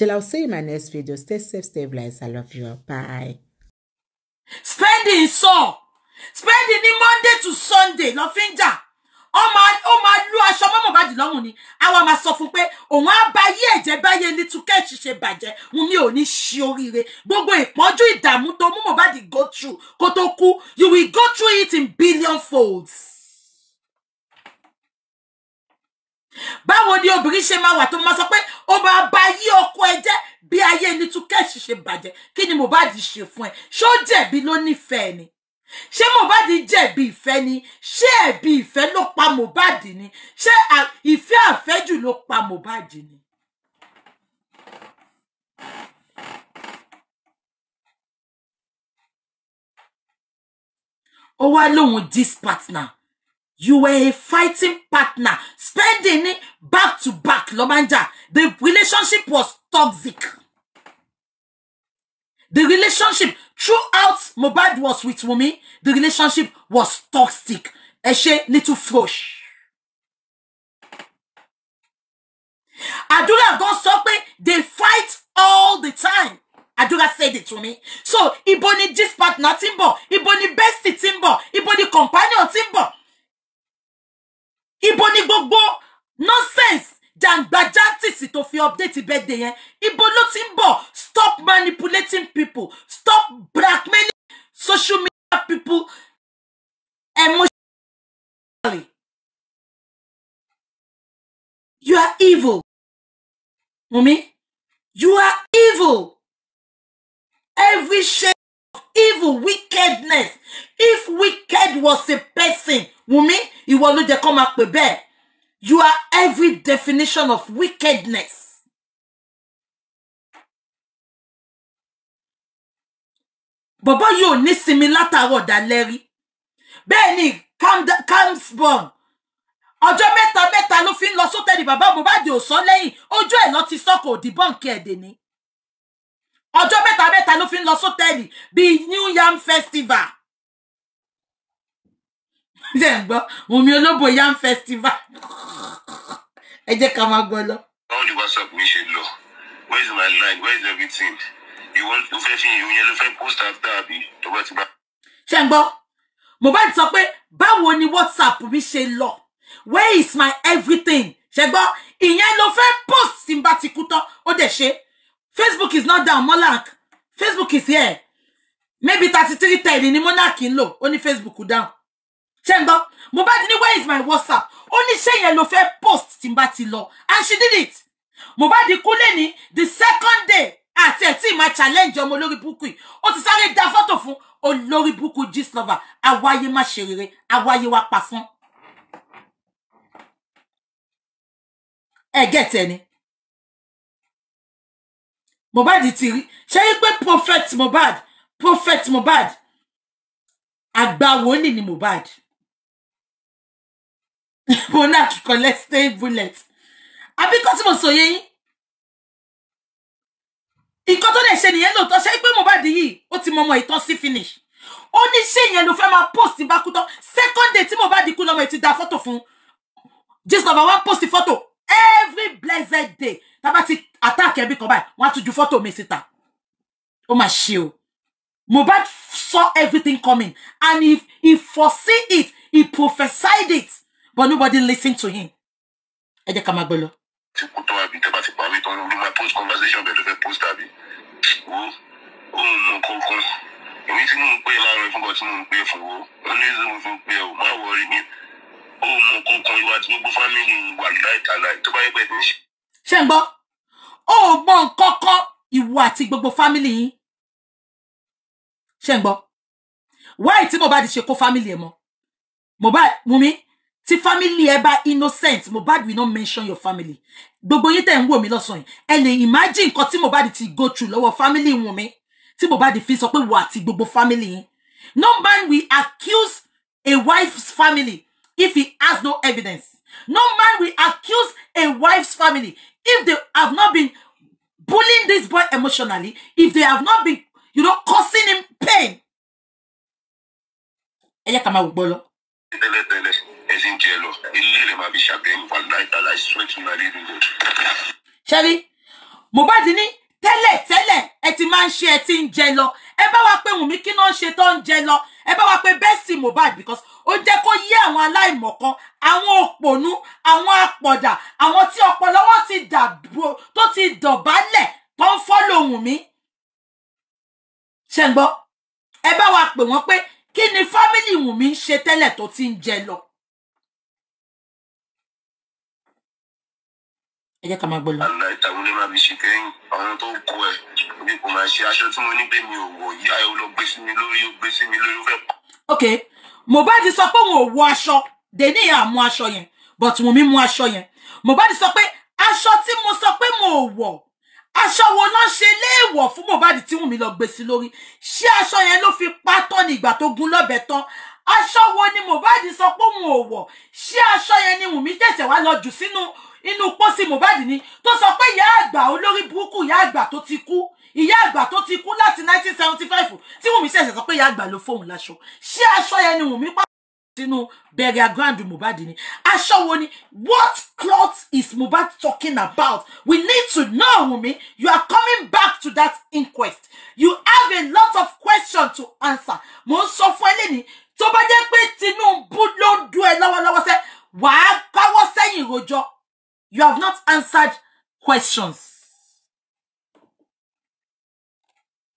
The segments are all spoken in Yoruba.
Till I'll see you in my next video. Stay safe, stay blessed. I love you. Bye. Spending so. Spending ni Monday to Sunday. Lọ fi Oh my, Ó máa ó máa lu aṣọ mọ́mọ́ bàjẹ́ lọ́rùn ni. Àwa máa Oh my, buy ye, á buy ye. ẹ̀jẹ̀ báyé ní She ṣe bàjẹ́. Mo ni shiori ṣe oríire. Gbogbo ìpọ́njú ìdààmú tó mú Mohbad go through Kotoku, You will go through it in billion folds. báwo ni obìnrin ṣe máa wà tó máa sọ pé ó máa ba yí ọkọ ẹ jẹ́ bí ayé ní túkẹ́ẹ̀sì ṣe bàjẹ́ kí ni Mohbad ṣe fún ẹ ṣó jẹ̀bi ló nífẹ̀ẹ́ ni ṣé Mohbad jẹ̀bi ìfẹ́ ni ṣé ẹ̀bi ìfẹ́ ló pa Mohbad ni ṣé ìfẹ́ àfẹ́jù ló pa Mohbad ni. ó wá lóhun dis partner you were a fighting partner spending it back to back ló the relationship was toxic the relationship throughout Mohbad was with Wunmi the relationship was toxic ẹ ṣe little flush. Adura gan sọ they fight all the time Adura said it to me so ibo ni gist partner ti ń bọ̀ bestie ti ń bọ̀ companion ti ibo ni gbogbo nonsense jàǹgbàjàǹtìsì tó fi update birthday yẹn ibo ló ti ń bọ̀ stop manipulating people stop blackmailing social media people emotionally you are evil Mummy you are evil every shame evil wickedness if wicked was a person wumi ìwọ ló jẹ́ kó máa pè bẹ́ẹ̀ you are every definition of wickedness. bọ̀bọ́ yìí ò ní sinmi látàárọ̀ dalẹ́ rí bẹ́ẹ̀ ni camsborn ọjọ́ mẹ́ta mẹ́ta ló fi ń lọ sótẹ́ẹ̀lì bàbá Mohbad ò sọ lẹ́yìn ojú ẹ̀ lọ ti sọ́kò òdìbọ̀nkì ẹ̀dẹ̀ ni ọjọ́ mẹ́ta mẹ́ta ló fi ń lọ sọ́tẹ́ẹ̀lì bíi new yam festival ṣe ń gbọ́ Wùmí Olóbò yam festival ẹ jẹ́ ká máa gbọ́ lọ. báwo ni whatsapp mi ṣe lọ where is my line where is everything you want to fẹ́ fi ìhun yẹn ló fẹ́ post after àbí tó bá ti bá. ṣe ń gbọ́ Mohbad sọ pé báwo ni whatsapp mi ṣe lọ where is my everything ṣe gbọ́ ìyẹn ló fẹ́ post tí n bá ti kú tán ó dẹ̀ ṣe facebook is not down monarch facebook is here maybe thirty three ten ni monarch ń lò ó ní facebook down ṣé ń ni where is my whatsapp Only ní ṣé yẹn post timbati n and she did it mohbad kuleni the second day I said, see my máa challenge ọmọ olórí burúkú yìí ó ti sáré da fọ́tò fún olórí burúkú gist lover àwáyé má ṣe rere àwáyé wa pa fún. ẹ gẹ̀tẹ̀ ni Mohbad ti rí ṣé yí pé prophet Mohbad prophet Mohbad àgbàwò ni ni Mohbad let's collective bullet àbí kó tí mo sọ yé yín nǹkan tó lè ṣe nìyẹn lóòótọ́ ṣé pé Mohbad yìí ó ti mọ ọmọ ìtàn sí finish ó ní ṣé yẹn ló fẹ́ máa post bá kú tán second day tí Mohbad kú lọ́mọ ètò ìdá fọ́tò fún jesus number one post fọ́tò every blessed day tábà ti attack ẹbí kan báyìí wọ́n á tún ju fọ́tò mi síta ó mà ṣe o Mohbad saw everything coming and he he foresee it he prophesied it but nobody listened to him ẹ jẹ́ ká máa gbé lọ. tí kò tó àbí tẹ́ bá ti parí tán ló máa post conversation bẹ̀rẹ̀ fẹ́ post àbí wo òun mú kankan èmi tí mò ń pè láàárọ̀ ìfúnkan tí mò ń pè fún wo wọn ní ìṣòro fún pé o má wọrí mi òun mú kankan ìwà tí gbogbo fámìlì wà láìka láì tó bá yẹ pẹ́ ní. ṣé ń gbọ́ ó mọ nǹkan kan ìwọ àti gbogbo fámìlì yín ṣe ń gbọ́ wáì tí Mohbad ṣe kó fámìlì ẹ mọ Mohbad Wunmi tí fámìlì ẹ bá innocent Mohbad will not mention your family gbogbo yín tẹ̀ ń wò mí lọ́sàn-án ẹ lè imagine nǹkan tí Mohbad ti go through family, fámìlì Wunmi tí Mohbad fi sọ pé wò àti gbogbo fámìlì yín no man will accuse a wife's family if he has no evidence no man will accuse a wife's family if they have not been bullying this boy emotionally, if they have not been, you know, causing him pain. Ẹyẹ ká máa wò gbọ́ lọ. Tẹ́lẹ̀tẹ́lẹ̀ ẹ̀sìn tẹ́lẹ̀ tẹ́lẹ̀ ẹ ti máa ń ṣe ẹ ti ń jẹ lọ ẹ bá wa pé Wùnmí kí náà ṣe tó ń jẹ lọ ẹ bá wa pé bẹ́ẹ̀sì Mohbad because ó jẹ́ kó yé àwọn aláìmọ̀kan àwọn òpònú àwọn apọ̀dà àwọn tí ọpọlọ ti dàbò tó ti dọ̀bálẹ̀ tó ń fọ́lò Wùnmí. ṣe ń gbọ́ ẹ bá wa pè wọ́n pé kí ni fámìlì Wùnmí ń ṣe tẹ́lẹ̀ tó ti ń jẹ lọ ẹ jẹ́ ká máa gbé lọ. àgbà ìtàwọn lè má fi ṣe àwọn tó kọ ẹ̀ bí kò máa ṣe aṣọ tí mo ní pé mi ò wọ̀ yí ayọ̀ lọ gbé sí mi lórí ó gbé sí mi lórí fẹ́. ok Mohbad sọ pé òun ò wọ aṣọ dèní ìyá mú aṣọ yẹn but Wùnmí mú aṣọ yẹn Mohbad sọ pé aṣọ tí mo sọ pé mo ò wọ̀ aṣọ wo náà ṣe léèwọ̀ fún Mohbad tí Wùnmí lọ gbé sí lórí ṣé aṣọ yẹn ló fi pátọ́ ní ìgbà tó gún lọ́bẹ tán aṣọ wo ni Mohbad sọ pé òun ò wọ̀ ṣé aṣọ yẹn ni Wùnmí tẹ̀sẹ̀ wá lọ jù sínú inú pósí Mohbad ni tó sọ pé ìyá àgbà olórí burúkú ìyá àgbà tó ti kú ìyá àgbà tó ti kú láti 1975 tí Wùnmí ṣẹ̀ṣẹ̀ sọ pé ìyá àgbà ló fóun láṣọ ṣé aṣọ yẹn ni Wùnmí pa sínú burial ground Mohbad ni aṣọ wo ni what cloth is Mohbad talking about we need to know Wunmi you are coming back to that inquest you have a lot of questions to answer mo ń sọ fún ẹlẹ́ni tó bá jẹ́ pé Tinubu ló ń dún ẹ lọ́wọ́lọ́wọ́ sẹ́ wàá káwọ́ sẹ́yìn rojọ́ You have not answered questions.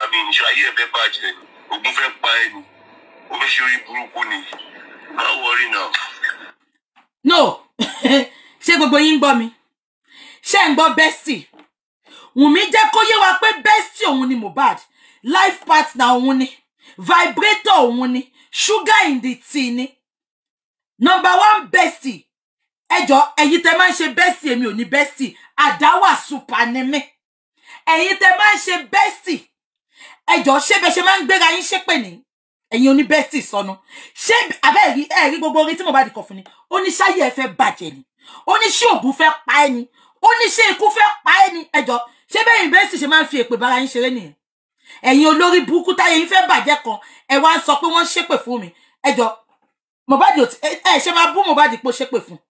I mean, àmì ìṣe ayé ẹ̀fẹ́ bàjẹ́ ogun fẹ́ pa ẹni o fẹ́ ṣe orí burúkú ni má wọrí náà. no ṣé gbogbo yín ń gbọ́ mi ṣé ń gbọ́ bẹ́sì wùnmí jẹ́ kó yé wa pé bẹ́sì òun ni Mohbad life partner òun ni vibrator òun ni sugar in the tea number one bestie ẹjọ́ ẹ̀yin tẹ máa ń ṣe bẹ́sì èmi ò ní bẹ́sì àdáwà supa ni mí ẹ̀yin tẹ máa ń ṣe bẹ́sì ẹjọ́ ṣé bẹ ṣe máa ń gbéra yín ṣépè ní ẹ̀yin oní bẹ́sì sọnù ṣé abẹ́ẹ̀rí ẹ̀rí gbogbo orin tí mo bá di kọ̀ fún ni ó ní ṣáyé ẹ fẹ́ bàjẹ́ ni ó ní ṣé òògùn fẹ́ pa ẹ́ ni ó ní ṣé ikú fẹ́ pa ẹ́ ni ẹjọ́ ṣé bẹ́yìn bẹ́sì ṣe máa ń fi èpè bára yín ṣeré nìyẹn ẹ̀yin olórí burúkú táyé yín fẹ́ bàjẹ́ kan ẹ wá ń sọ pé wọ́n ṣépè fún mi ẹjọ́ Mohbad ẹ ṣe máa bú Mohbad pé ó ṣépè fún un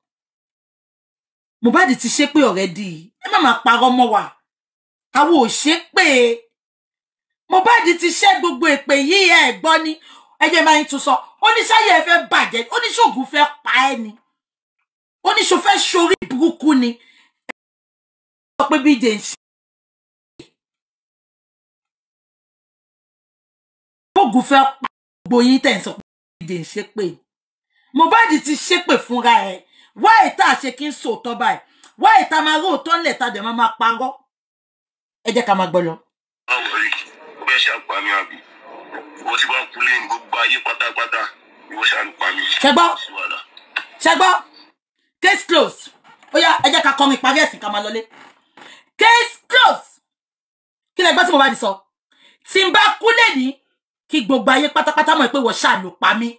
Mohbad ti ṣépè already ẹ má máa parọ́ mọ́ wa àwọn ò ṣépè Mohbad ti ṣe gbogbo èpè yìí ẹ gbọ́ ni ẹjẹ máa ń tún sọ oníṣàyẹ ẹ fẹ́ bàjẹ́ oníṣògùn fẹ́ pa ẹ́ ni oníṣò fẹ́ ṣorí burúkú ni ẹ sọ pé bíjẹ ń ṣe. ogun fẹ́ pa gbogbo yín tẹ̀ ń sọ pé bíjẹ ń ṣépè Mohbad ti ṣépè fúnra ẹ̀ wáyé tá a ṣe kí n sòótọ́ báyìí wáyé tá a máa róòótọ́ ńlẹ̀ tá a dẹ̀ máa máa parọ́ ẹ jẹ́ ká máa gbọ́ lọ. ṣẹgbọ́ ṣẹgbọ́ case close ó yá ẹ jẹ́ ká kọrin parí ẹ̀sìn ká máa lọlé case close kí lẹ gbọ́ tí mo bá di sọ tí n bá kú lè ní kí gbogbo ayé pátápátá mọ̀ pé wọ́n ṣàlùpá mi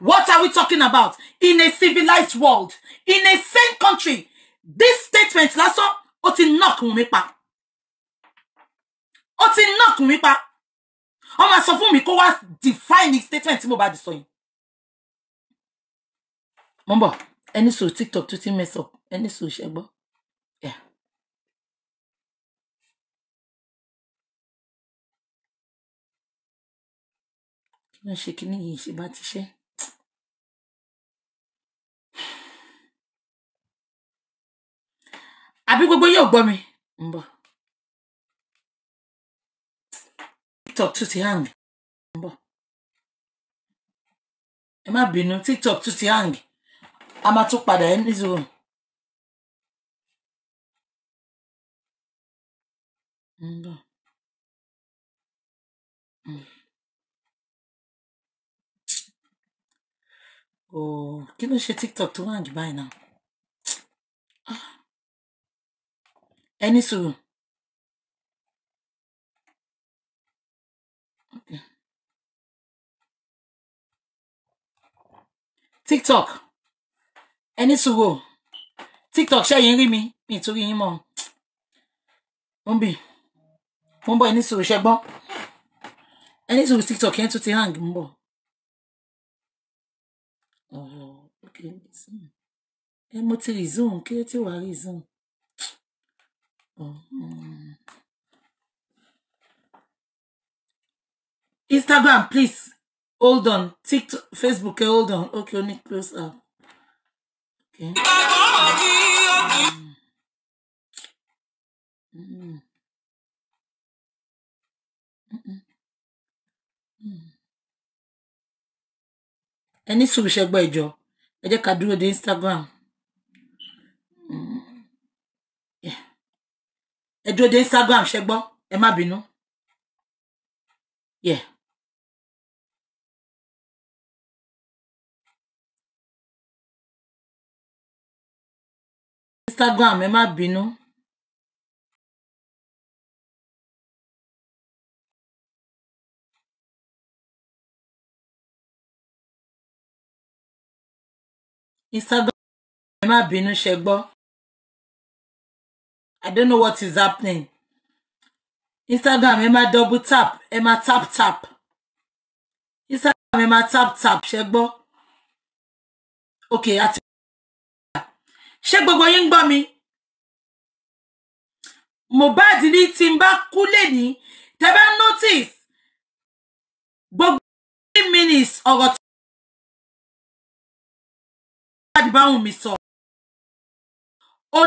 What are we talking about? In a civilized world, in a same country, this statement lásán ó ti knock mi pa. Ó ti knock mi pa. Ó máa sọ fún mi kó wá define statement tí mo bá di sọ yìí. Mo ń bọ̀, TikTok tó ti mess up, ẹni sọ ṣẹ́gbọ́. Yeah. kí ló ń ṣe kí ní ti ṣe. àbí gbogbo yóò gbọ́ mi ń bọ̀ tiktok tún ti hang ń bọ̀ ẹ má bínú tiktok tún ti hang a máa tún padà ẹ nízòro. ń bọ̀. Hmm. Oh, kí ló ṣe tiktok tó wà jù báyìí náà. Ah. Any ní tiktok ẹ ní sùúrù tiktok ṣẹ́yìn rí mi nítorí yín mọ̀ ó ń bì mo ń bọ̀ ẹ ní sùúrù ṣẹ́gbọ́n ẹ ní tiktok yẹn tún ti hang ń bọ̀. ẹ mo ti resume kí ló ti wà resume. Instagram, please. Hold on. TikTok, Facebook, eh, hold on. Okay, only close up. Okay. Mm. Mm. Mm. Ẹni sùn ṣẹgbẹ́ ìjọ, ẹ jẹ́ ká dúró Instagram. ẹ dúró dé Instagram ṣe gbọ́ ẹ má bínú yeah. Instagram ẹ má bínú. Instagram ẹ má bínú ṣe gbọ́. I don't know what is happening. Instagram Emma double tap Emma tap tap. Instagram Emma tap tap ṣe gbọ́. Okay àti. Ṣé gbogbo yín ń gbọ́ mi? Mohbad ní tí n bá kú lẹ́ni tẹ́ bá notice gbogbo minutes ọ̀rọ̀ what? Mohbad bá wù mí sọ. Ó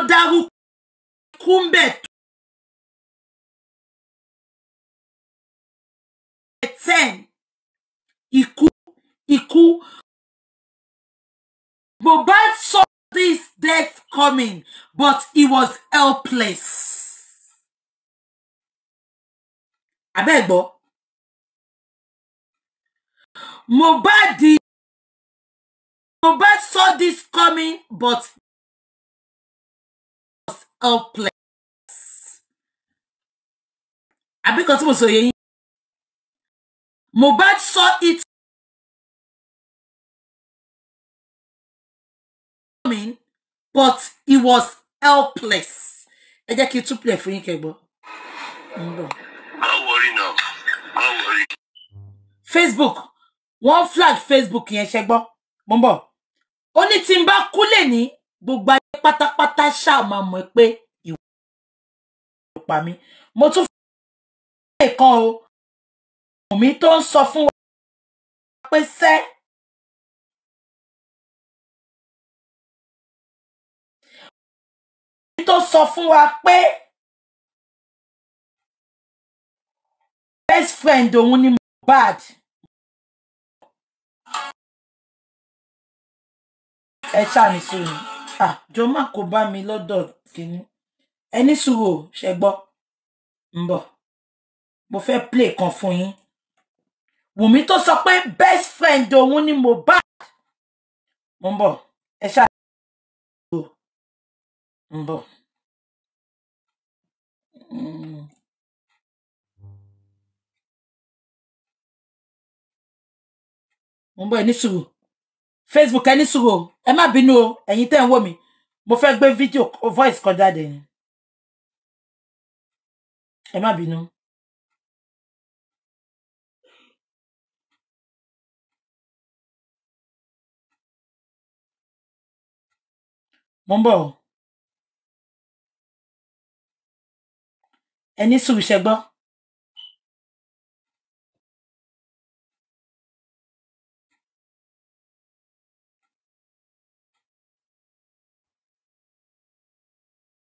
kú ń bẹ̀ tó. ten ikú ikú Mohbad saw this death coming but he was helpless. abẹ́gbọ́ Mohbad di Mohbad saw this coming but he was helpless. àbí kan tí mo sọ yẹ yín Mohbad sọ it coming but he was helpless ẹ jẹ́ kí n tún play fún yín kẹgbọ́. Don't worry now. Don't worry. Facebook wọ́n flag Facebook yẹn ṣẹgbọ́ mo ń bọ̀ ó ní tí n bá kú lè ní gbogbo ayé pátápátá ṣáà máa mọ̀ pé ìwà ìwà ìpa mi mo tún kan o omi tó ń sọ fún wa pé sẹ́ omi tó sọ fún wa pé best friend òun ni Mohbad. ẹ ṣàní sùúrù Ah, má kó bá mi lọ́dọ̀ kìíní ẹni sùúrù ò ṣẹgbọ́ ń bọ̀ mo fẹ́ play kan fún yín Wùmí tó sọ pé best friend òun ni Mohbad mo ń bọ̀ ẹ ṣáà ń bọ̀. Mm. mo ń bọ̀ ẹ facebook ẹ ní sùúrù o ẹ má bínú o ẹ̀yin tẹ́ ń wò mí mo fẹ́ gbé fídíò voice kan jáde m'a má bínú. mo ń bọ̀ o ẹni sùúrù ṣe gbọ́.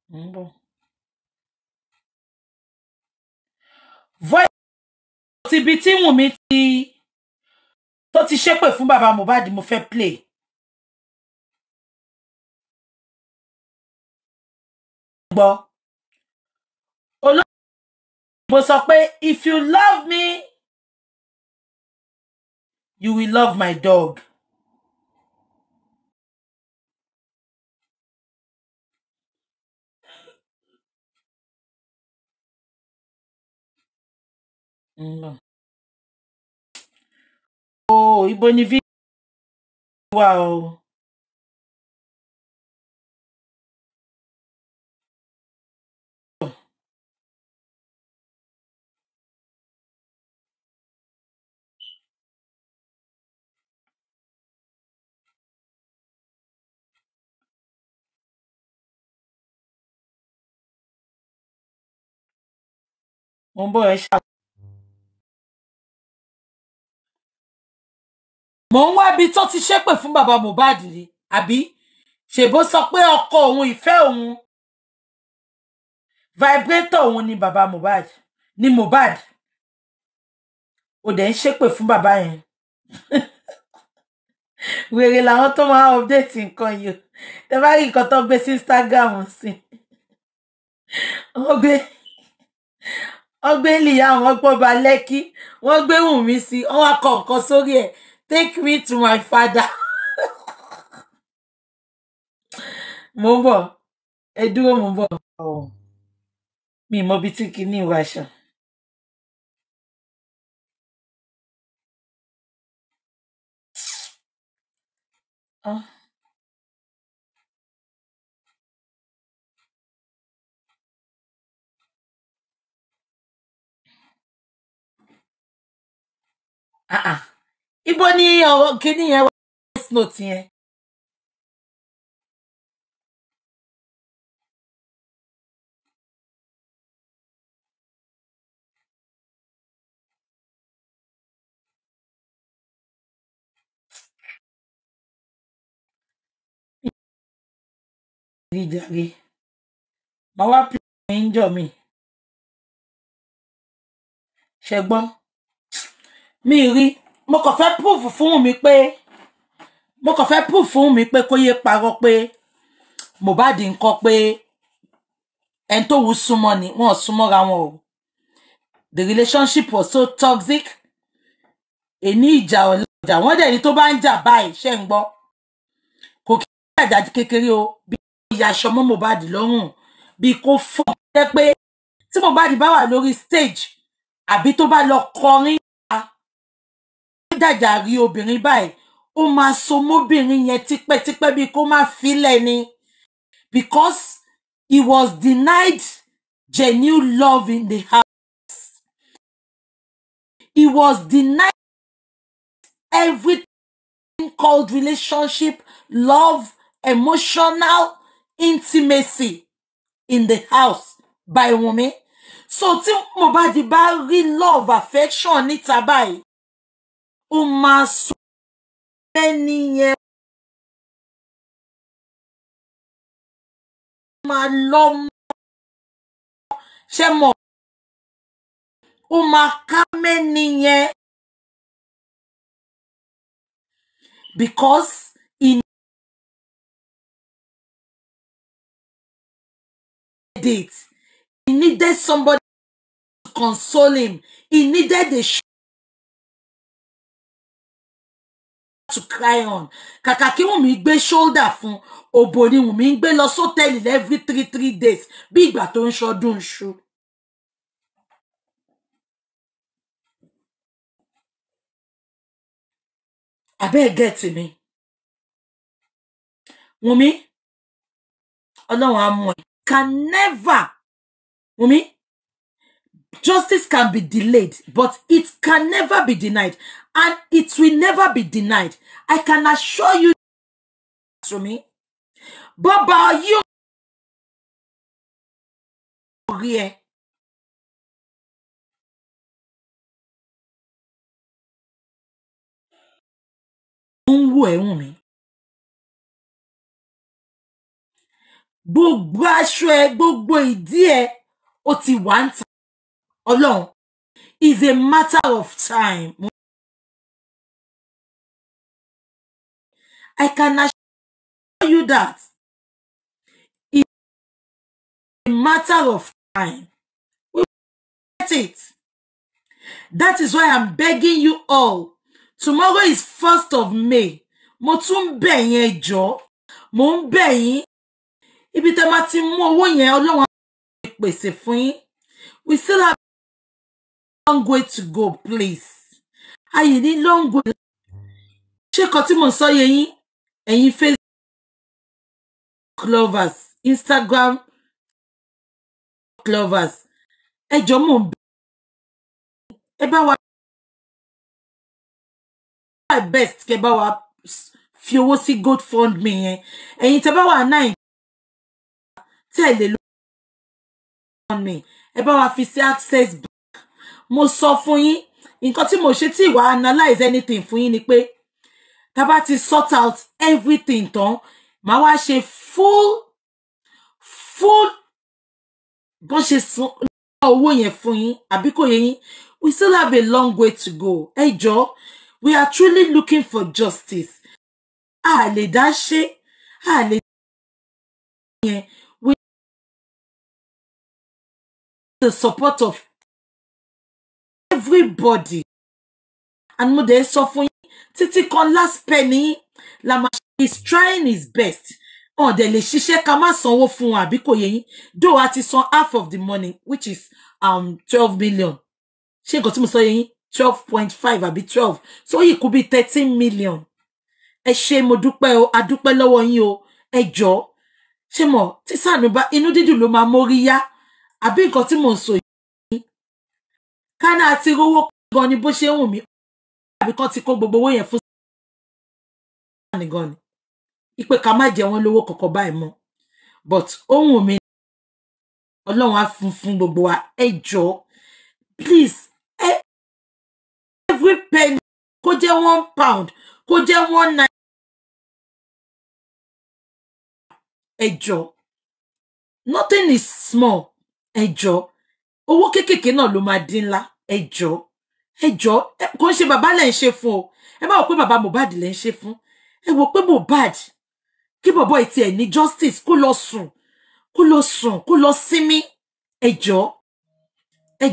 mo ń bọ̀. voice ti bi tí Wùnmí ti tó ti ṣépè fún bàbá Mohbad mo fẹ́ play. gbọ́ olóògbé sọ pé if you love me you will love my dog. Oh, ibo ni vi mò ń bọ̀ ẹ ṣá. mò ń wá ibi tó ti ṣépè fún bàbá Mohbad ni àbí ṣèbó sọ pé ọkọ òun ìfẹ́ òun vibrator òun ni bàbá Mohbad ni Mohbad ò dẹ̀ ń ṣépè fún bàbá yẹn wèrè làwọn tó máa update nǹkan yìí tẹ bá rí nǹkan tó gbé sí Instagram sí wọn gbé wọ́n gbé níyà wọn gbọ́ba lẹ́kí wọ́n gbé wùmí sí wọ́n wá kọ nǹkan sórí ẹ̀ take me to my father. mo ń bọ̀ ẹ dúró mo ń bọ̀ mi mọ bí tí kinní wà ṣọ. Oh. Ah. Ah, ah. ibo ni kíní yẹn wá voice note yẹn. jàre màá mi rí mo kàn fẹ́ proof fún mi pé mo kàn fẹ́ proof fún mi pé kó yé parọ́ pé Mohbad ńkọ́ pé ẹni tó wù súnmọ́ ni wọ́n súnmọ́ra wọn o the relationship was so toxic èní ìjà ọ̀làjà wọ́n dẹ̀ ní tó bá ń jà báyìí ṣe ń gbọ́ kò kí ní àdájú kékeré o bí ìyá aṣọ mọ́ Mohbad lọ́rùn bí kò fọ́ pé tí Mohbad bá wà lórí stage àbí tó bá lọ kọrin jàjà rí obìnrin báyìí ó máa so mọ́bìnrin yẹn tipẹ́tipẹ́ bíi kó má filẹ̀ ni because he was denied genuine love in the house he was denied everything called relationship love emotional intimacy in the house by Wunmi so tí Mohbad bá rí love affection níta báyìí ó máa sọ ẹni yẹn máa lọ ṣe mọ̀ ó máa ká mẹ́ni yẹn because in date he needed somebody to console him he needed a. to cry on kàkà kí Wùnmí gbé ṣóldà fún òbò ni Wùnmí ń gbé lọ sọ́tẹ́ẹ̀lì every three three days bí ìgbà tó ń ṣọdún ṣu. abẹ́ẹ̀ gẹ̀ẹ́tì mi Wùnmí ọlọ́run á mú ẹ can never Wùnmí justice can be delayed, but it can never be denied. And it will never be denied. I can assure you to me. Baba, you gbogbo aṣọ ẹ gbogbo ìdí ẹ ó ti wà ń ta ọlọ́run is a matter of time. I can assure you that it's a matter of time. We will get it. That is why I'm begging you all. Tomorrow is 1st of May. Mo tún bẹ̀ yín ẹ jọ̀ọ́. Mo ń bẹ̀ yín. Ibi tẹ́ ma ti mú owó yẹn Ọlọ́run á pèsè fún yín. We still have long way to go please ayé ní long way ṣé kan tí mò ń sọ yẹn yín ẹ̀yin facebook lovers instagram lovers ẹ jọ mò ń bẹ ẹ bá wa best kẹ́ bá wa fi owó sí GoFundMe yẹn ẹ̀yin tẹ́ bá wà náà tẹ́ lè ẹ bá wa fi sí access mo sọ fún yín nǹkan tí mo ṣe tí ìwà analyze anything fún yín ni pé tá bá ti sort out everything tán màá wá ṣe full full bọ́n ṣe san owó yẹn fún yín àbí kò yẹ yín we still have a long way to go ẹ jọ̀ọ́ we are truly looking for justice a lè dá ṣe a lè dá ṣe yẹn we need the support of everybody and mo dẹ̀ sọ fún yín títí last penny la máa is trying his best Oh, dẹ̀ lè ṣiṣẹ́ ká má sanwó fún wọn àbí kò yẹ a ti san half of the money which is um, twelve million She nǹkan tí mo sọ yẹ yín twelve point five àbí twelve so yìí could be thirteen million ẹ ṣé mo dúpẹ́ o a dúpẹ́ lọ́wọ́ yín o ẹ jọ̀ọ́ mo tí sànù bá inú dídùn ló máa mórí yá àbí nǹkan tí mò kánà àti rówó gan ni bó ṣe ń wù mí àbí kan ti kó gbogbo owó yẹn fún sí gan ni ipe ká má jẹ wọn lówó kọkọ báyìí mọ́ but ohun mi Ọlọ́run á fún fún gbogbo wa ẹ jọ̀ọ́ please every penny kó jẹ́ one pound kó jẹ́ one naira ẹ jọ̀ọ́ nothing is small ẹ jọ̀ọ́ owó kéékèèké náà ló máa dín ńlá ẹ jọ ẹ jọ kò ń ṣe bàbá lẹ ń ṣe fún o ẹ má wò pé bàbá Mohbad lẹ ń ṣe fún ẹ wò pé Mohbad kí bọ̀bọ̀ ìtì ẹ̀ ní justice kó lọ sùn kó lọ sùn kó lọ sinmi ẹ jọ ẹ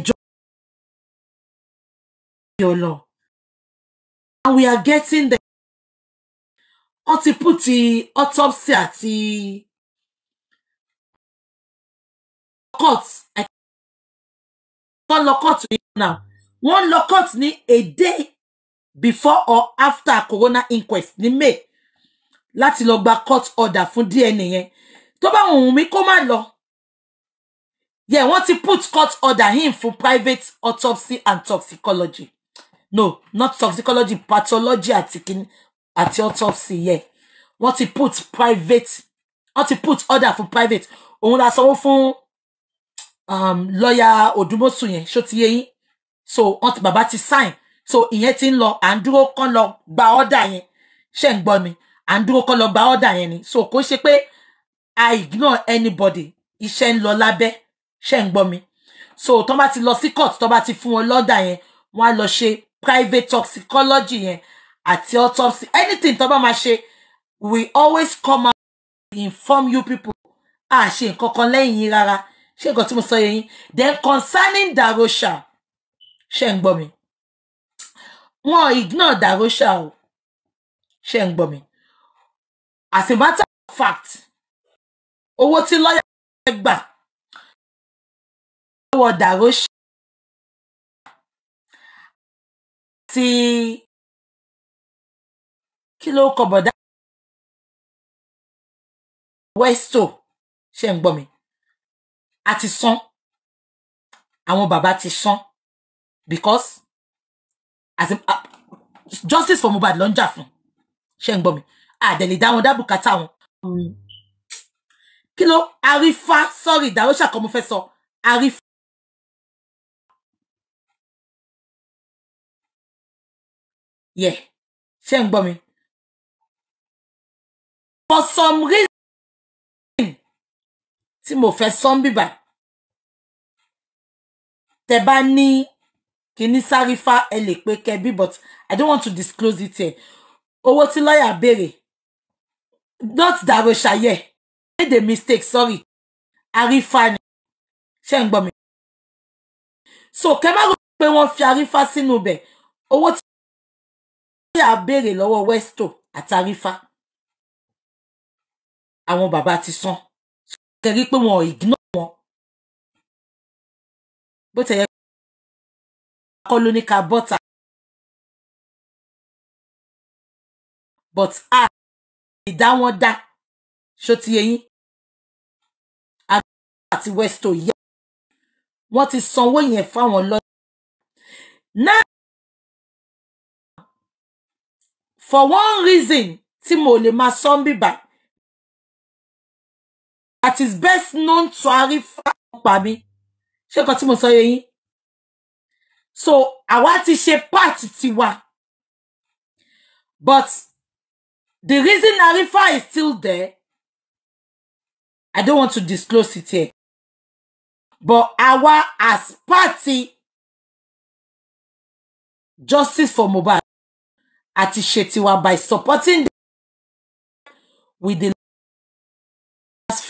and we are getting the. wọ́n ti put the autopsy àti court kọ́ lọ court now wọ́n lọ court ní a day before or after corona inquest ní May láti lọ gba court order fún DNA yẹn tó bá wù mí kó má lọ yẹ yeah, wọ́n ti put court order him for private autopsy and toxicology no not toxicology pathology àti kini àti autopsy yẹ yeah. wọ́n ti put private wọ́n ti put order for private òun la sanwó fún um, lọ́yà òdùmọ̀sù yẹn ṣó ti yé yín so wọn ti bàbá ti sign so ìyẹn ti ń lọ à ń dúró kán lọ gba ọ́dà yẹn ṣe ń gbọ́ mi à ń dúró kán lọ gba ọ́dà yẹn ni so kò ṣe pé i ignore anybody iṣẹ́ ń lọ lábẹ́ ṣe ń gbọ́ mi so tó bá ti lọ sí court tó bá ti fún wọn lọ́dà yẹn wọn á lọ ṣe private toxicology yẹn àti autopsy anything tó bá máa ṣe we always come out to inform you people a ṣe nǹkan kan lẹ́yìn yín rárá ṣé nǹkan tí mo sọ yẹn then concerning darosha ṣe ń gbọ́ mi wọn ignore darosha o ṣe ń gbọ́ mi as a matter of fact owó tí lọ́yà ẹ̀ gbà lọ́wọ́ darosha ti kí ló kọ bọ̀dá westo ṣe ń gbọ́ mi a ti san àwọn bàbá ti san because as in, uh, justice for Mohbad ló ń jà fún ṣé ń gbọ́ mi àdẹ̀lẹ̀ dá wọn dábùkátà wọn. Hmm. kí ló àrífà sọ́ọ̀rì ìdáróṣà kan mo fẹ́ sọ àrífà. yẹ ṣé ń gbọ́ mi. for some reason tí mo fẹ́ sọ́n bíbà tẹ bá ní kíní sárífà ẹ lè pé kẹbí but I don't want to disclose it here owó tí lọ́ọ̀yà béèrè not dàrò ṣàyẹ̀ made a mistake sorry àrífà ni ṣé ń gbọ́ mi. so kẹ má rò pé wọ́n fi àrífà sínú ibẹ̀ owó tí lọ́ọ̀yà béèrè lọ́wọ́ westo àtàrífà àwọn bàbá ti san tẹ̀rí pé wọn ò ignore wọn bó tẹ̀ yẹ kọ́ ló ní ká bọ́tà but a ìdá wọn dá ṣó ti yẹyìn àti westo yẹ wọ́n ti sanwó yẹn fáwọn lọ́yà náà for one reason tí mo lè máa sọ ń bíbà that is best known to Arifa Pami. Ṣé kan tí mo sọ yẹn yín? So, àwa ti ṣe part tiwa. But the reason Arifa is still there, I don't want to disclose it here. But àwa as party, Justice for Mohbad, àti ṣe tiwa by supporting them with the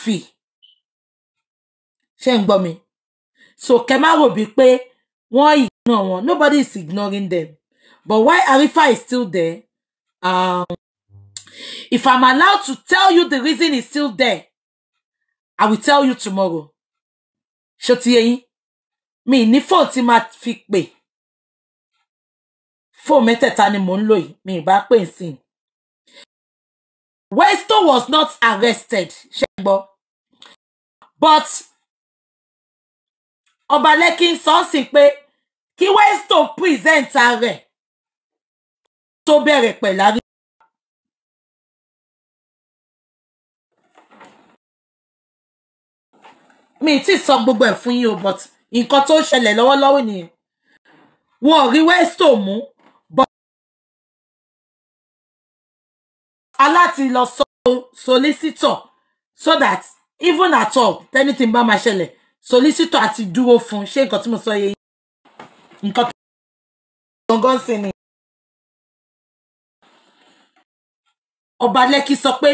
fee ṣé ń gbọ́ mi so kẹ má rò bíi pé wọ́n ignore wọn nobody is ignoring them but why Arifa is still there um, if I'm allowed to tell you the reason he's still there I will tell you tomorrow ṣó ti yé yín mi ní fóònù tí máa fi pè fóònù mẹ́tẹ̀ẹ̀ta ni mò ń lò yìí mi ì pè sí i Westo was not arrested ṣé gbọ́ but ọba lẹ́kí ń sọ sí pé kí westo present rẹ̀ tó bẹ̀rẹ̀ pẹ̀lárí. mi ti sọ gbogbo ẹ̀ fún yín o but nǹkan tó ṣẹlẹ̀ lọ́wọ́lọ́wọ́ nìyẹn wọn ò rí westo mú but aláti lọ sọ solicitor so that even at all anything bá máa ṣẹlẹ̀ solicitor àti dúró fún ṣé nǹkan tí mo sọ yẹ nǹkan tó gangan sí ni. ọba lẹ́kì sọ pé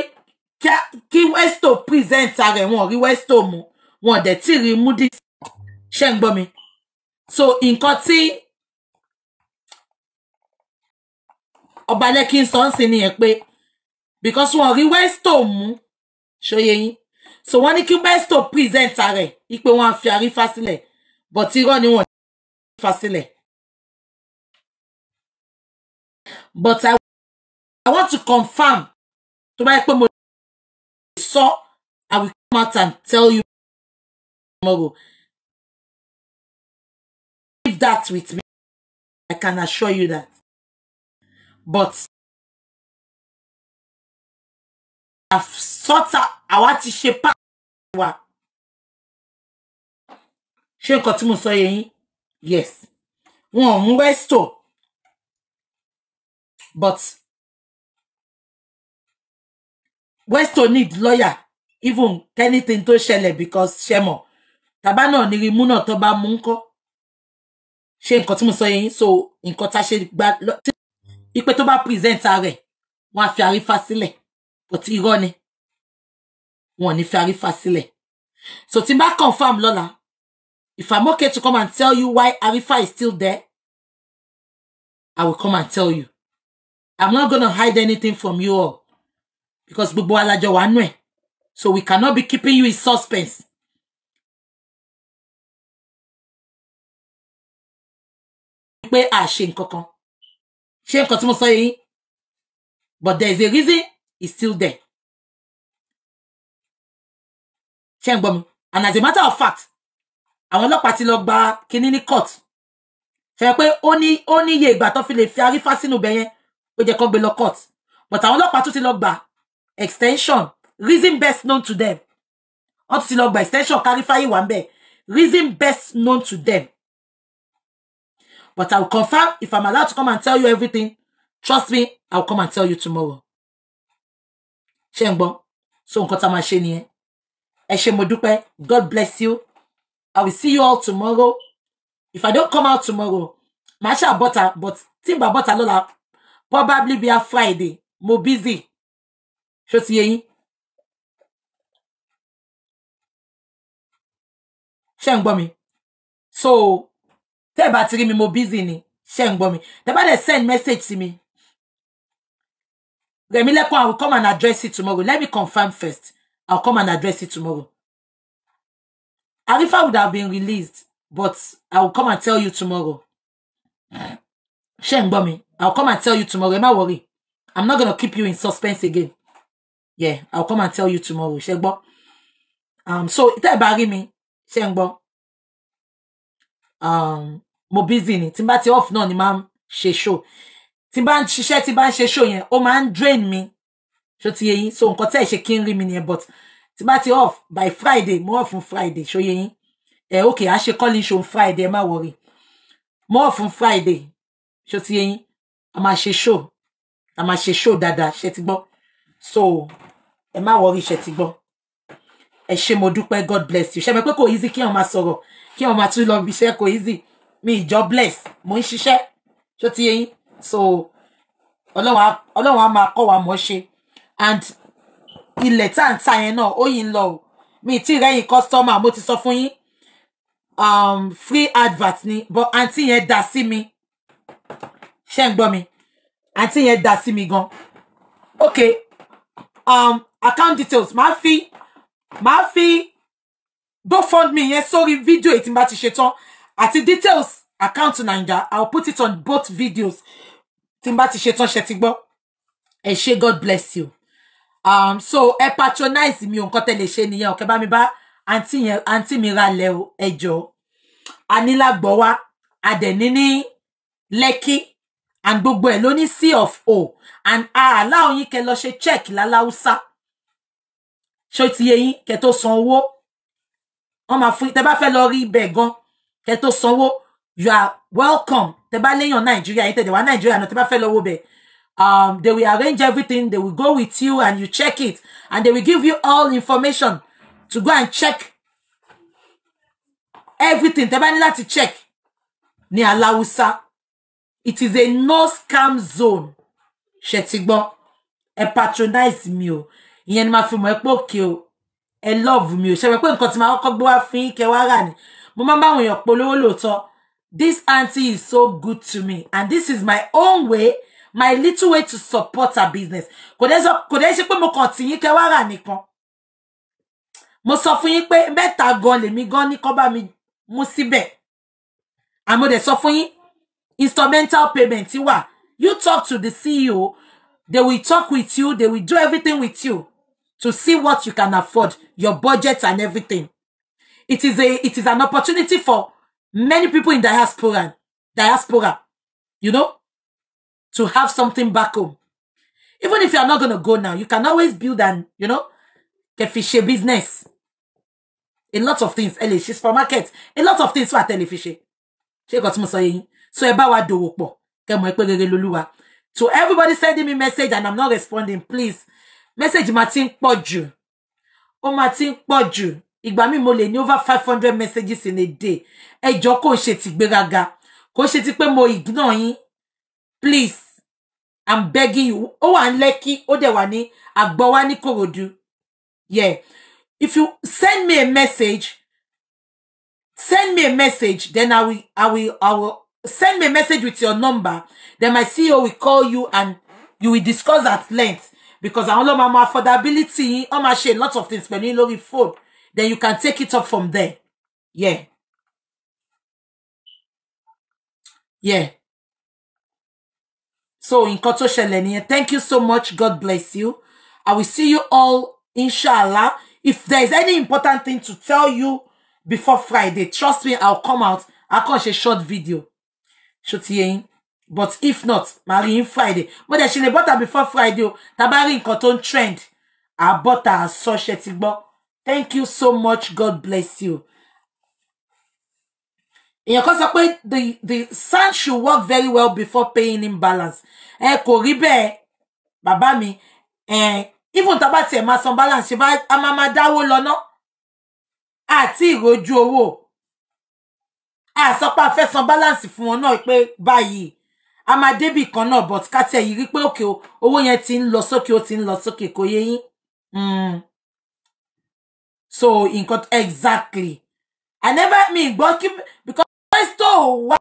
kí westo present ara ẹ̀ wọn rí westo mu wọn dẹ̀ tí rí múdí ṣe ń gbọ́ mi so nǹkan tí ọba lẹ́kì sọ ń sìn nìyẹn pé because wọn rí westo mu ṣòye yín so wọ́n ní kí Westo present rẹ̀ ipe wọ́n á fi àrífà sílẹ̀ but irọ́ ni wọ́n fà sílẹ̀ but I, I want to confirm tó bá yẹ pé mo sọ I will come out and tell you tomorrow leave that with me I can assure you that but sọ́tà àwa ti ṣe páàkì wa ṣé nǹkan tí mo sọ yẹ yín yes wọn ò mú westo but westo need lawyer even anything tó ṣẹlẹ̀ because ṣẹmọ̀ tàbá náà ní rimú náà tó bá mú ń kọ́ ṣé nǹkan tí mo sọ yẹn so nǹkan tá a ṣe gba ipe tó bá present ara ẹ̀ wọ́n á fi àrífà sílẹ̀ but irọ́ ni wọn ò ní fi Arifa sílẹ̀ so tí n bá confirm lọ́la if I'm okay to come and tell you why Arifa is still there I will come and tell you I'm not gonna hide anything from you all because gbogbo alájọ wa nù ẹ so we cannot be keeping you in suspense. pé a ṣe nǹkan kan ṣé nǹkan tí mo sọ yìí but there is a reason is still there. ṣé ń gbọ́ mi and as a matter of fact àwọn ọlọ́pàá ti lọ gba kinní ní court ṣe pé ó ní ó ní iye ìgbà tó fi lè fi arífá sínú ibẹ̀ yẹn ó jẹ́ kó gbé lọ court but àwọn ọlọ́pàá tún ti lọ gba extension reason best known to them wọ́n tún ti lọ gba extension kárífáyé wà ń bẹ̀ reason best known to them but I will confirm if I'm allowed to come and tell you everything trust me I will come and tell you tomorrow ṣé ń gbọ́ so nǹkan tá a máa ṣe nìyẹn ẹ ṣé mo dúpẹ́ God bless you I will see you all tomorrow if I don't come out tomorrow màá ṣà bọ́ta but tí n bá bọ́ta lọ́la probably be a Friday mo busy ṣó ti yẹ yín ṣé ń gbọ́ mi so tẹ́ ẹ bá ti rí mi mo busy ni ṣé ń gbọ́ mi tẹ́ bá dẹ̀ send message sí mi Remileko, I will come and address it tomorrow. Let me confirm first. I'll come and address it tomorrow. Arifa would have been released, but I will come and tell you tomorrow. Shengbomi, I'll come and tell you tomorrow. Am I worry? I'm not gonna keep you in suspense again. Yeah, I'll come and tell you tomorrow. Shengbo. Um, so it's bá rí mi, Shengbo. Um, mo busy ni. Tí off náà ni maam she show tí bá ń ṣiṣẹ́ tí bá ń ṣe ṣó yẹn ó máa ń drain mi ṣó ti yé yín so nǹkan tẹ́ ẹ̀ ṣe kí n rí mi nìyẹn but tí bá ti off by friday mo off fún friday ṣó yé yín ẹ ok a ṣe calling show friday ma worry mo off fún friday ṣó ti yé yín a ma ṣe show a ma ṣe show dada ṣe ti gbọ́ so ẹ má worry ṣe ti gbọ́ ẹ ṣé mo dúpẹ́ god bless you ṣe mi pé kò easy ki wọn máa sọ̀rọ̀ kí wọn máa tún lọ bí iṣẹ́ kò easy mi ìjọ bless mo ń ṣiṣẹ́ ṣó ti yé yín so ọlọ́run á máa kọ́ wa mọ̀ ṣe and ilẹ̀ tá à ń ta yẹn náà ó yìí ń lọ o mi ti rẹ́yìn kọ́sítọ́mà mo ti sọ fún yín um, free advert ni but àǹtí yẹn dá sí mi ṣé ń gbọ́ mi àǹtí yẹn dá sí mi gan ok um, account details máa fi máa fi GoFundMe yẹn sórí fídíò èyí tí n bá àti details account naija i will put it on both videos tí n ti ṣe ton ṣe ti gbọ́ ẹ ṣé god bless you um, so ẹ patronize mi ò nǹkan le lè ṣe nìyẹn ọ̀kẹ́ bá mi ba àǹtí yẹn àǹtí mi ralẹ̀ o ẹ jọ̀ọ́ anílágbọ́ wa adẹ̀ní ní lẹ́kí and gbogbo ẹ̀ ló ní c of o and aláwọ̀ yín kẹ́ lọ ṣe check láláùsá ṣó ti yẹ yín kẹ́ tó san owó wọ́n máa fún tẹ́ bá fẹ́ lọ rí ibẹ̀ gan kẹ́ tó sanwó you are welcome tẹ bá léèyàn nàìjíríà yín tẹ̀lé wá nàìjíríà náà tẹ bá fẹ́ lọ wo bẹ̀ um, they will arrange everything they will go with you and you check it and they will give you all information to go and check everything tẹ bá ní láti check ní aláwùsá it is a no scam zone ṣe A gbọ́ ẹ patronize mi o ìyẹn ni fi mọ̀ ẹ pé o ẹ love mi o ṣe pé nǹkan tí màá kọ́kọ́ gbé wá fún yín kẹ wá rà ni mo máa ń bá àwọn èèyàn polówó This auntie is so good to me. And this is my own way, my little way to support her business. Kò dẹ́ ṣe pé mo kàn tì yín kẹ́ wá rà nìkan. Mo sọ fún yín pé mẹ́ta gan lèmi gan ní kọ́ bá mi mú síbẹ̀. Àmọ́ dẹ̀ sọ fún yín instrumental payment wà. You talk to the CEO, they will talk with you, they will do everything with you to see what you can afford, your budget and everything. It is a it is an opportunity for many people in diaspora, diaspora, you know, to have something back home. Even if you are not going to go now, you can always build an, you know, kefiche business. A lot of things, Ellie, she's for market. A lot of things for telefiche. She got so So do To everybody sending me message and I'm not responding, please. Message Martin Podju. Oh, Martin Podju ìgbà mi mo lè ní over five hundred messages in a day ẹ jọ̀ọ́ kò ṣe ti gbéraga kò ṣe ti pé mo ignore yín please i'm begging you ó wà ń lẹ́kí ó dẹ̀ wà ní àgbọ̀wá ní kòròdú yeah if you send me a message send me a message then i will i will i will send me a message with your number then my ceo will call you and you will discuss at length because àwọn ọlọ́mọ àwọn affordability yín wọ́n máa ṣe a lot of things pẹ̀lú yín lórí phone Then you can take it up from there. Yeah. Yeah. So in Koto Shelenia, thank you so much. God bless you. I will see you all, inshallah. If there is any important thing to tell you before Friday, trust me, I'll come out. I'll catch a short video. Shotiyein. But if not, Marie in Friday. But there she bought her before Friday. Tabari in cotton trend. I butter her a thank you so much god bless you. In your sọ the the son should work very well before paying him balance ẹ kò be, bẹ́ẹ̀ bàbá mi even tá a bá tiẹ̀ máa san balance ṣe bá a máa máa dáwó lọ́nà àti ìrojú owó àsọpá fẹ́ san balance fún wọn náà pé báyìí a máa kan náà but ká tiẹ̀ yìí rí pé òkè owó yẹn ti ń lọ sókè ó ti ń lọ sókè kò Mm so in court, exactly i never mi gbọ́ kí because pẹ́stò wà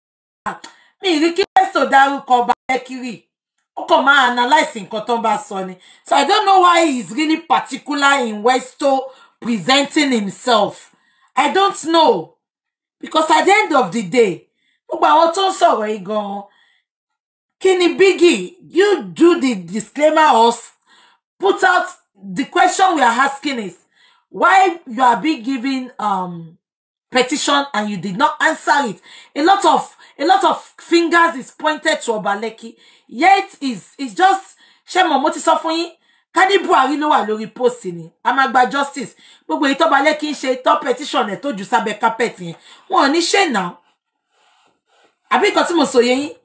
mi rí kí pẹ́stò dárúkọ ọba lẹ́kìrì ó kàn máa analyse nǹkan tó ń bá sọ ni so i don't know why he is really particular in westo presenting himself i don't know because at the end of the day gbogbo àwọn tó ń sọ̀rọ̀ yìí gan-an biggie you do the disclaimer or put out the question we are asking is why you are being given um petition and you did not answer it a lot of a lot of fingers is pointed to Obaleki yet is is just ṣé mo mo ti sọ fún yín kádì Buhari ló wà lórí post ni a justice gbogbo èyí tó Obaleki ń ṣe top petition ẹ̀ to jù sábẹ́ carpet yẹn wọn ò ní ṣe nà àbí nǹkan tí mo sọ yé yín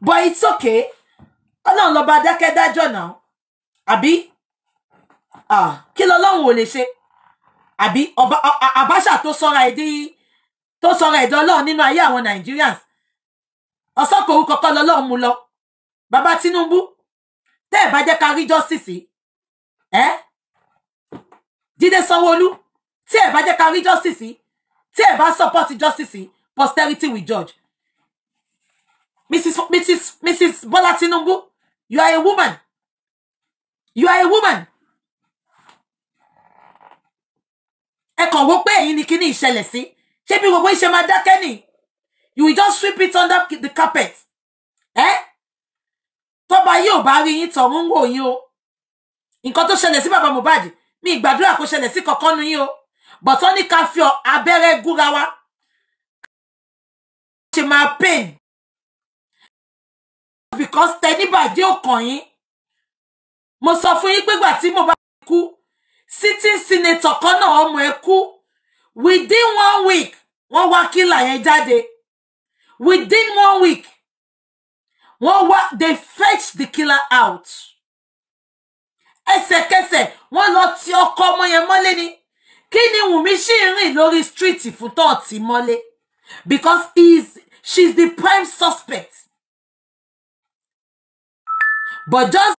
but it's okay ọlọ́run lọ́ba dákẹ́dájọ́ náà ah kí lọ́lọ́run ò lè ṣe àbí ọba Abacha tó sọra ẹ̀ di tó sọra ẹ̀dọ́ ọlọ́run nínú ayé àwọn Nigerians ọ̀sọ́kọ̀ orúkọ kọ́ lọ́lọ́run mú lọ bàbá Tinubu tẹ́ ẹ̀ bá jẹ́ ká rí justice ẹ́ Jídé Sanwó-Olú tí ẹ̀ bá jẹ́ ká rí justice tí ẹ̀ bá support justice posterity will judge Mrs. Mrs. Mrs. Bola Tinubu you are a woman you are a woman ẹ kàn wó pé èyí ni kíní ìṣẹ̀lẹ̀ sí ṣé bí gbogbo ìṣe máa dákẹ́ nì you will just sweep it under the carpet ẹ tọ́ba yìí ò bá rí yín tọ̀hún wò yín o nǹkan tó ṣẹlẹ̀ sí bàbá Mohbad mi ìgbàdúrà kó ṣẹlẹ̀ sí kankan nu yín o bọ̀tọ́ ní ká fi abẹ́rẹ́ gúra wa ṣe máa pain because tẹ ní bàjẹ́ ọkàn yín mo sọ fún yín pé gbà tí mo bá kú sitting senator kan náà ọmọ ẹ kú within one week wọ́n wá kílà yẹn jáde within one week wọ́n wá they fetch the killer out ẹsẹ̀kẹsẹ̀ wọ́n lọ ti ọkọ ọmọ yẹn mọ́lé ni kí ni Wùmí ṣì ń rìn lórí street fún tọ́ọ̀tì mọ́lé because he is she is the prime suspect but just